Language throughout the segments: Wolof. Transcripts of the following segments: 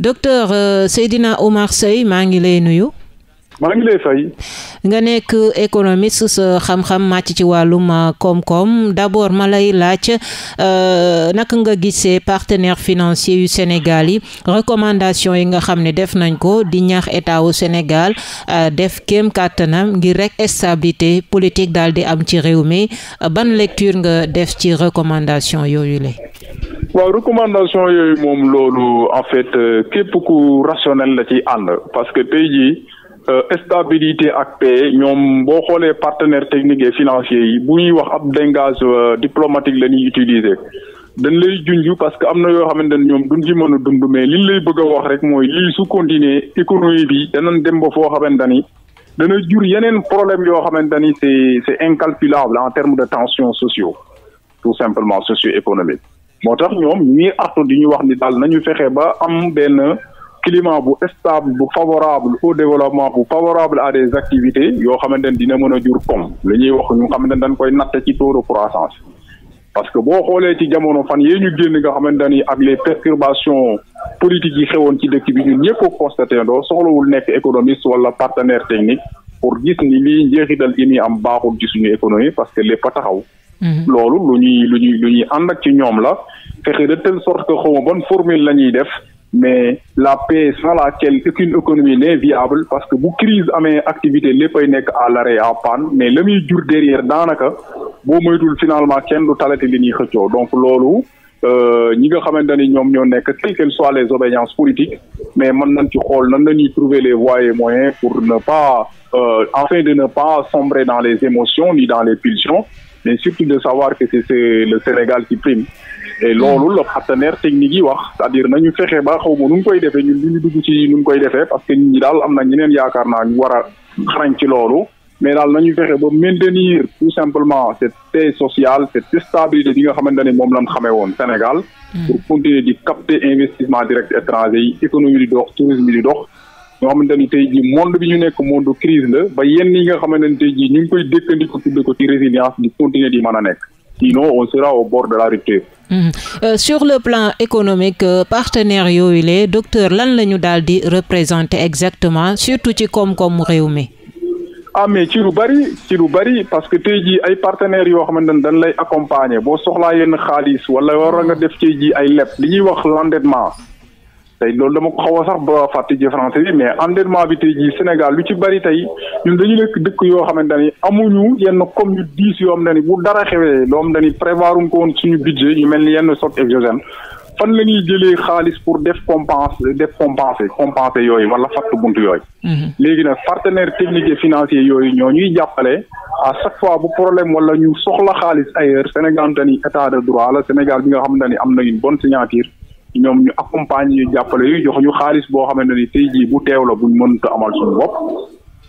docteur euh, Seydina Oumar Seye maa ngi lay nuyu. maa ngi lay fay. nga nekk économiste sa xam-xam màcc ci wàllum euh, koom-koom d'abord ma lay laaj euh, naka nga gisee partenaires financier yu Sénégal yi recommandation yi nga xam ne def nañ ko di ñaax état wu Sénégal def kem kàttanam ngir rek stabilité politique daal di am ci réew mi ban lecture nga def ci recommandation yooyu la. waaw recommandation yooyu moom loolu en fait euh, képp ku rationnel la ci ànd parce que tey jii euh, stabilité ak paix ñoom boo xoolee partenaires techniques et financiers yi bu ñuy wax ab langage euh, diplomatique la ñuy utiliser dan lay junj parce que am na yoo xamante ne ñoom duñ ci mën a dund mais liñ lay bëgg a wax rek mooy lii su continuer économie bi danañ dem ba foo xamante ni dana jur yeneen problème yoo xamante ni c'est c'est incalculable en termes de tensions sociaux tout simplement socio-économique moo tax ñoom ñii artu di ñu wax ni daal nañu fexe ba am benn climat bu estable bu favorable au développement bu favorable à des activités yoo xamante ne dina mën a jur koom li ñuy wax ñu xamante ne dañ koy natt ci taux de croissance parce que boo xoolee ci jamono fan yee ñu génn nga xamante ni ak les perturbations politiques yi xewoon ci dëkk bi ñun ñëpp ko constaté ndoo soxlawul nekk économiste wala partenaire technique pour gis ni lii njeexital yi ni am baaxul ci suñu économie parce que lépp a Mhm. loolu lu ñuy lu ñuy lu ànd ak ci ñoom la fexe de telle sorte que xaw ma bonne formule la ñuy def mais la paix sans laquelle aucune économie n'est viable parce que bu crise amee activité léppay nekk à l'arrêt à panne mais la muy jur derrière daanaka boo moytul finalement kenn du talati li ñuy xëccoo donc loolu euh, ñi nga xamante ni ñoom ñoo nekk quelles que soient les obédiences politiques mais mën nañ ci xool nan la ñuy trouver les voies et moyens pour ne pas euh, afin de ne pas sombrer dans les émotions ni dans les pulsions mais surtout de savoir que le Sénégal ci prime et loolu la partenaire technique yi wax c'est-à-dire nañu fexe ba xaw ma nu mu koy defee ñun li ñu dugg ci nu mu koy defe parce que ñi daal am na ñeneen yaakaar naa ñu war xarañ ci loolu mais daal nañu fexe ba maintenir tout simplement cette paix sociale cette stabilité bi nga xamante ne moom lañ xamee woon Sénégal mm. pour continuer di capter investissement direct étranger yi économie di dox tourisme di dox ñoo xamante ni tey jii monde bi ñu nekk monde crise la ba yenn yi nga xamante ni tey jii ñu ngi koy dëkkandiko tudde ko ci résilience di continuer di mën a nekk sinon on sera au bord la rupture hmm. euh, économique euh, partenaire yooyu le docteur lan la ñu daal di représenter exactement surtout ci koom-koomu réew mi. ah ci lu bari ci lu bari parce que tey jii ay partenaires yoo xamante ne dañ lay accompagner boo soxlaa yenn xaalis wala war nga def tey jii ay leb li ñuy wax l'endettement tey loolu dama ko xaw a sax ba fàtte ji français bi mais endettement bi tey jii Sénégal lu ci bari tey ñun dañu nekk dëkk yoo xamante ne amuñu yenn comme yu diis yoo xam ne bu dara xewee loo xam ne prévoir ko woon suñu budget yu mel ni yenn sorte exogène fan la ñuy jëlee xaalis pour def compense def compensé compensé yooyu wala fatt bunt yooyu. Mm-hmm. léegi nag partenaires techniques yooyu ñoo ñuy jàppale à chaque fois bu problème wala ñu soxla xaalis ailleurs Sénégal dañuy état de droit na ñoom ñu accompagne ñu jàppale yu jox ñu xaalis boo xamante ni tey jii bu teew la bu mënut a amal suñu bopp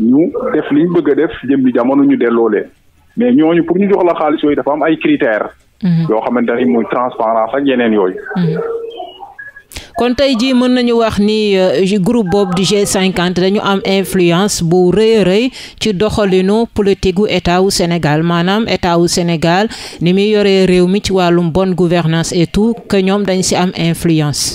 ñu def liñ bëgg a def jëm bi jamono ñu delloo mais ñooñu pour ñu jox la xaalis yooyu dafa am ay critères. Mhm. yoo xamante ni muy transparence ak yeneen yooyu. Mhm. kon tey jii mën nañu wax ni euh, groupe boobu di G50 dañu am influence bu rëy rëy ci doxalinu politique gu état wu Sénégal maanaam état wu Sénégal ni muy yoree réew mi ci wàllum bonne gouvernance et tout que ñoom dañ si am influence.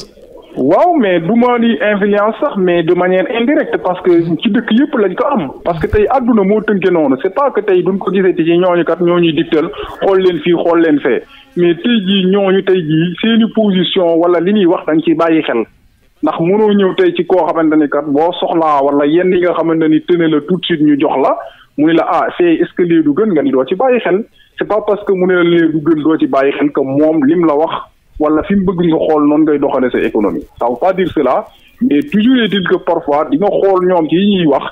waaw mais du ma ni influence sax mais de manière indirecte parce que ci dëkk yëpp lañ ko am parce que tey àdduna moo tënke noonu c'est pas que tey duñ ko gisee ci ñooñu ñoo ñuy digtal xool leen fii xool leen fee. mais tey jii ñooñu tey jii seeni position wala li ñuy wax dañ ci bàyyi xel ndax mënoo ñëw tey ci koo xamante ni kat boo soxlaa wala yenn yi nga xamante ni tëne la tout de suite ñu jox la mu ne la ah c'est ce que lii du gën nga ni doo ci bàyyi xel c'est pas parce que mu ne la lii du gën doo ci bàyyi xel que moom lim la wax wala fi mu bëgg nga xool noonu ngay doxale sa économie ça veut pas dire cela mais toujours est-il que parfois di nga xool ñoom ci yi wax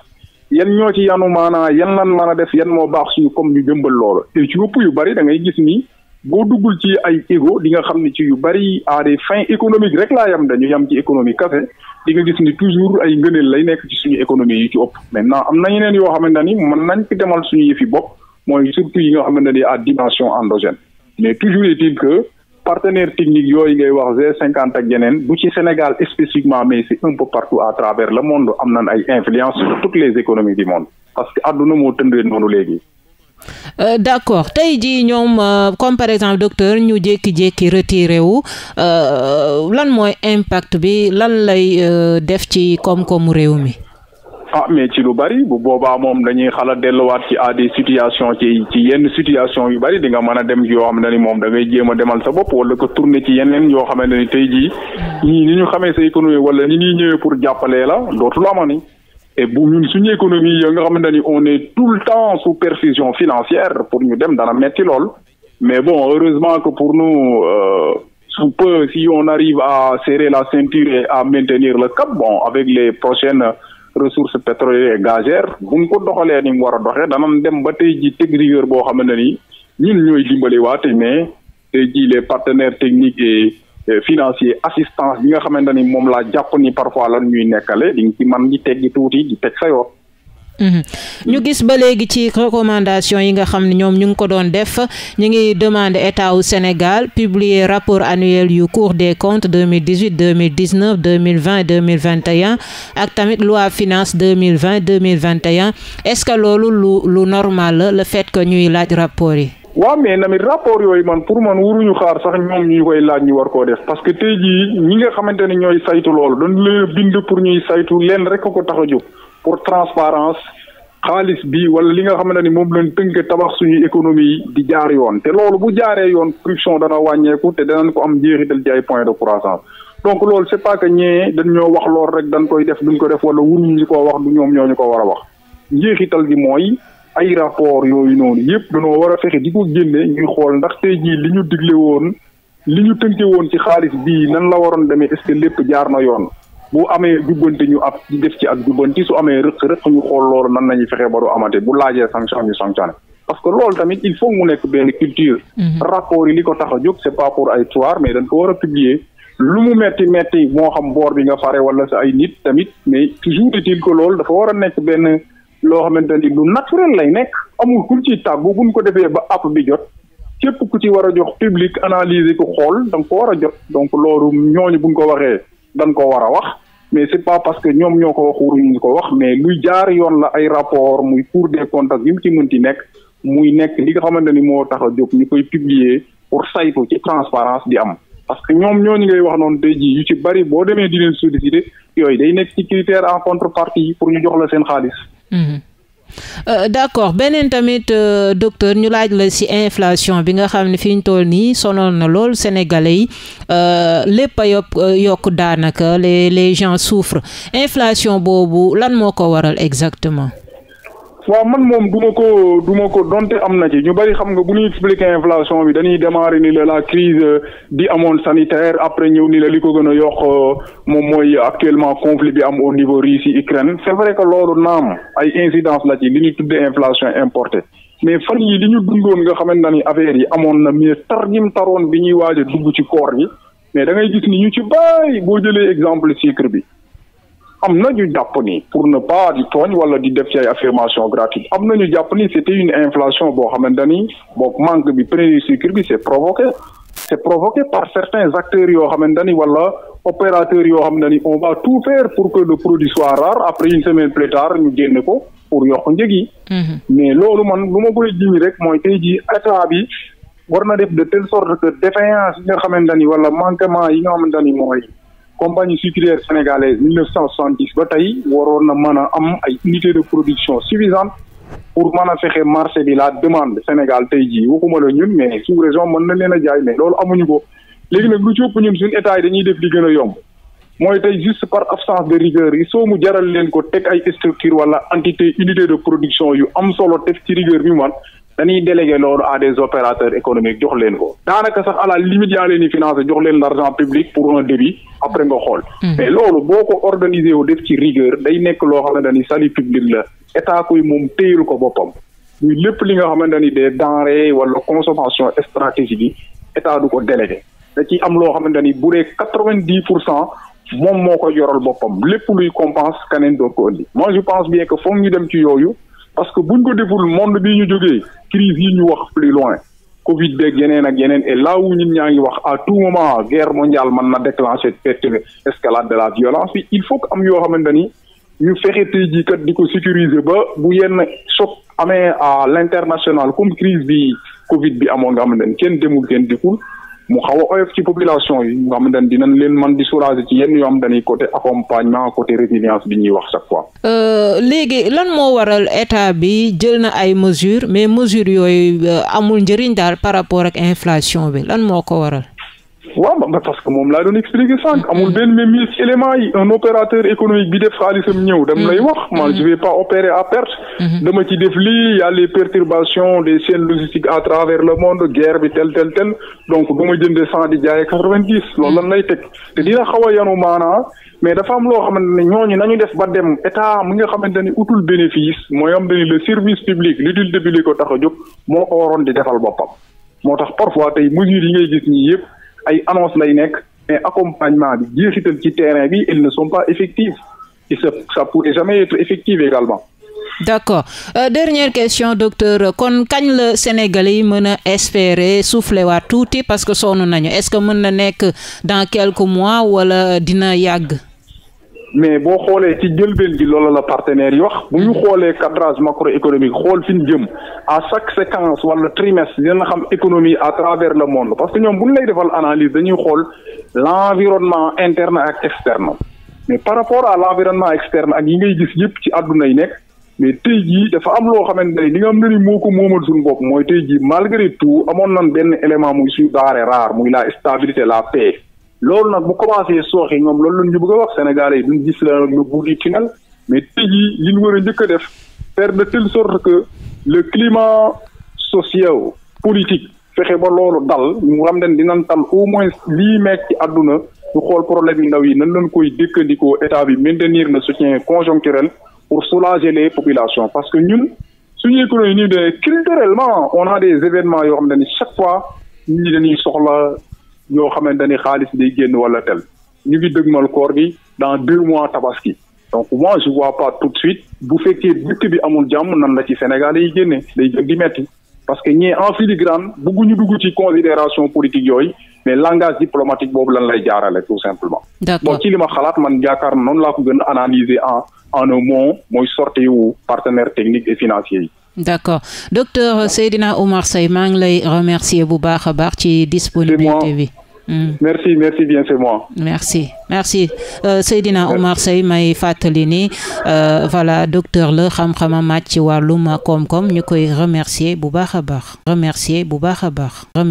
yan ñoo ci yanu maanaa yan lan mën a def yan moo baax suñu comme ñu jëmbal loolu ci ëpp yu bari da ngay gis ni boo duggul ci ay égo di nga xam ne ci yu bari à fin économique rek laa yam dañu yam ci économie kase di nga gis ni toujours ay ngëneel lay nekk ci suñu économie yu ci ëpp maintenant am na ñeneen yoo xamante ni mën nañ fi demal suñu yëfi bopp mooy surtout yi nga xamante ni à dimension endogène mais toujours est-il que partenaire technique yooyu ngay wax G50 ak yeneen du ci Sénégal spécifiquement mais c'est un peu partout à travers le monde am na ay influence sur les économies du monde parce que àdduna moo tëndee léegi Euh, d' accord tey jii ñoom euh, comme par exemple docteur ñu jékki-jékki retiré wu euh, lan mooy impact bi lan lay def ci koom-koomu réew mi. ah mais ci lu bari bu boobaa moom dañuy xalaat delluwaat ci à des situations ci ci yenn situation yu bari di nga mën a dem yoo xam ne ni moom da jéem a demal sa bopp wala ko tourner ci yeneen yoo xamante ni tey jii ni ñu xamee sa économie wala ni ñuy ñëwee pour jàppalee la dootul amani. et bu ñun suñu économie yi nga xamante ni on est tout le temps sous perfusion financière pour ñu dem dana metti lool mais bon heureusement que pour nous euh, sous peu si on arrive à serrer la ceinture et à maintenir le cap bon avec les prochaines ressources pétrolières et gazières bu ko doxalee ni mu war a doxee danañ dem ba tey ji teg rigueur boo xamante ni ñun ñooy dimbali waate mais tey ji les partenaires techniques et Euh, financier assistance bi nga xamante ni moom la jàpp ni parfois lan ñuy nekkale di man di teggi tuuti di teg sa mhm. ñu mm. gis ba léegi ci recommandation yi nga xam ne ñoom ñu ngi ko doon def ñu ngi demander état wu Sénégal publier rapport annuel yu Cour des comptes 2018 2019 2020 2021 ak tamit loi finance 2020 2021 est-ce que loolu lu lu normal la le fait que ñuy laaj rapport yi waaw mais tamit rapport yooyu man pour man waruñu xaar sax ñoom ñu koy laaj ñu war koo def parce que tey jii ñi nga xamante ne ñooy saytu loolu dañu leen bind pour ñuy saytu leen rek ko tax a jóg pour transparence xaalis bi wala li nga xamante ni moom lañ tënk tabax suñu économie di jaar yoon te loolu bu jaaree yoon production dana wàññeeku te danañ ko am njeexital ci ay point de croissance donc loolu c'est pas que ñee dañ ñoo wax lool rek dañ koy def duñ ko def wala waruñu koo wax du ñoom ñoo ñu ko war a wax njeexital gi mooy. ay rapport yooyu noonu yëpp danoo war a fexe di ko génne ñuy xool ndax te jii li ñu digle woon li ñu tënke woon ci xaalis bi nan la waroon demee est-ce que lépp jaar na yoon bu amee jubbanti ñu ab def ci ak jubbanti su amee rëq-rëq ñu xool loolu nan nañuy fexe ba du amate bu laajee sanction ñu sanctionné parce que loolu tamit il faut mu nekk benn culture mhm. rapport yi li ko tax a jóg c'est pas pour ay soir mais dañ ko war a lu mu metti metti moo xam boor bi nga fare wala sa ay nit tamit mais toujours loolu dafa war a nekk benn loo xamante ni lu naturel lay nekk amul ku ci tàggu buñ ko defee ba app bi jot képp ku ci war a jox public analyser ko xool da nga ko war a jot donc loolu ñooñu buñ ko waxee dañ ko war a wax mais c'est pas parce que ñoom ñoo ko wax ñu ko wax mais luy jaar yoon la ay rapport muy cour de comptes yi mu ci mënti nekk muy nekk li nga xamante ni moo tax a jóg ñu koy publier pour saytu ci transparence di am parce que ñoom ñooñu ngay wax noonu tey jii ci bari boo demee di leen solliciter yooyu day nekk ci critère en contrepartie pour ñu jox la seen Hmm. Euh, d'accord beneen tamit euh, docteur ñu laaj la si inflation bi nga xam ne fi ñu toll nii sonal na lool sénégalais yi euh, lépp a yokk euh, yokk daanaka les les gens souffrent inflation boobu lan moo ko waral exactement. waaw man moom du ko du ko donte am na ci ñu bëri xam nga bu ñuy expliquer inflation bi dañuy démarrer ni la la crise di amoon sanitaire après ñëw ni la li ko gën a yokk moom mooy actuellement conflit bi am au niveau Russie Ukraine c'est vrai que loolu naam ay incidence la ci li ñuy tuddee inflation importée mais fan yi li ñu dundoon nga xamante ni affaire yi amoon na mais tar ñim taroon bi ñuy waaj dugg ci koor yi mais da ngay gis ni ñu ci bàyyi boo jëlee exemple sucre bi am na ñu jàpp ni pour ne pas di tooñ wala di def ci ay affirmation gratuite am na ñu jàpp ni c'était une inflation boo xamante ni boog manque bi prix bi c'est provoqué c'est provoqué par certains acteurs yoo xamante ni wala opérateurs yoo xamante ni on va tout faire pour que le produit soit rare après une semaine plus tard ñu génne ko pour yokk njëg yi. Mm-hmm. mais loolu man lu ma koy jiñ rek mooy tey jii état bi war na def de telle sorte que défaillance yi nga xamante ni wala manquement yi compagnie sucrière sénégalaise 1970 ba tey waroon na mën a am ay unité de production suffisante pour mën a fexe marché bi la demande Sénégal tey jii waxuma la ñun mais sous région mën na leen a jaay mais loolu amuñu ko léegi nag lu ci ëpp ñun suñu état yi dañuy def li gën a yomb mooy tey juste par absence de rigueur yi soo mu jaral leen ko teg ay structure wala entité unité de production yu am solo def ci rigueur bi man dañuy délégué loolu à des opérateurs économiques jox leen ko daanaka sax à la yaa leen financé jox leen l' argent public pour un débit après nga xool hmm. mais loolu boo ko organisé wu def ci rigueur day nekk loo xam ne dañuy salut public la état kuy moom téyul ko boppam muy lépp li nga xamante ni des denrées wala consommation stratégique yi état du ko délégué da am loo xamante ni bu dee quatre vingt dix pour cent moom moo ko yoral boppam lépp luy compense keneen doon ko indi moi je pense ñu dem ci yooyu parce que buñ ko deful monde bi ñu jógee crise yi ñu wax plus loin Covid beeg yeneen a yeneen et là où ñun ñaa ngi wax à tout moment guerre mondiale mën na déclencher perte escalade de la violence bi il faut que am yoo xamante ni ñu fexe tey jii kat di ko sécuriser ba bu yenn choc amee à l' international comme crise bi Covid bi amoon nga xamante ni kenn demul kenn dikkul mu xaw a oyof ci population yi nga xam ne leen man di soulager ci yenn yoo xam dañuy côté accompagnement côté résilience bi ñuy wax chaque fois. Euh, léegi lan moo waral état bi jël na ay mesures mais mesures yooyu euh, amul njëriñ daal par rapport ak inflation bi lan moo ko waral. waaw ba parce que moom laa doon expliquer sànq amul mm-hmm. benn même ci élément yi un opérateur économique bi def xaalisam ñëw dem lay mm-hmm. wax man je mm-hmm. vais pas opérer à perte dama ci def lii y a les perturbations des chaînes à travers le monde guerre bi tel tel tel donc du ma jëndee cent di jaayee quatre-vingt-dix loolu lan lay teg te dina xaw a yanu maanaa mais dafa am loo xamante ne ñooñu nañu def ba dem état mi nga xamante ne utul bénéfice mooy am dañu le service public l'utilité bi ko tax a jóg moo waroon di defal boppam moo tax parfois tey mesures yi yëpp ay annonce lay nekk mais accompagnement bi jeexital ci terrain bi ils ne sont pas effectifs et ça pourrait jamais être effectif également. d'accord euh, dernière question docteur kon kañ la Sénégalais yi mën a espérer souffler waat tuuti parce que sonn nañu est-ce que mën na nekk dans quelques mois wala dina yàgg. mais boo xoolee ci njëlbeen gi loolu la partenaires yi wax bu ñu xoolee cadrage macroéconomique xool fi jëm à chaque séquence wala trimestre dina xam économie à travers le monde parce que ñoom bu ñu lay defal analyse dañuy xool l'environnement interne ak externe mais par rapport à l'environnement externe ak yi ngay gis yëpp ci àdduna yi nekk mais tey jii dafa am loo xamante ne li nga xam ne ni moo ko moomal suñu bopp mooy tey jii malgré tout amoon nañ benn élément muy suñu denrée rare muy la stabilité la paix loolu nag bu commencé sooxe ñoom loolu la ñu bëgg a wax Sénégalais yi duñ gis la le bout du tunnel mais tey jii li ñu njëkk a def faire de telle sorte que le climat social politique fexe ba loolu dal mu xam ne dinañ tal au moins lii meek ci adduna ñu xool problème yi ndaw yi nan lañ koy dëkkandikoo état bi maintenir le soutien conjoncturel pour soulager les populations parce que ñun suñu économie nii de culturellement on a des événements yoo xam ne chaque fois ñi dañuy soxla yoo xamante ni xaalis day génn wala tel ñu ngi dëgmal koor gi dans deux mois tabaski donc moi je vois pas tout de suite bu fekkee dëkk bi amul jàmm nan la ci Sénégal yi génne day gën di metti parce que ñee en filigrane bëgguñu dugg ci considération politique yooyu mais langage diplomatique boobu lan lay jaarale tout simplement bon ci li ma xalaat man yaakaar na noonu laa ko gën a analyser en en un mot mooy sortie partenaire technique et financiers yi d'accord docteur Seydina Oumar Seye maa ngi lay remercier bu baax a baax ci disponibilité bi Mm. merci merci bien c'est moi. Euh, may fàttali ni euh, voilà docteur la xam-xama màcc ci wàllum koom-koom ñu koy remercier bu baax a baax remercier bu baax a bax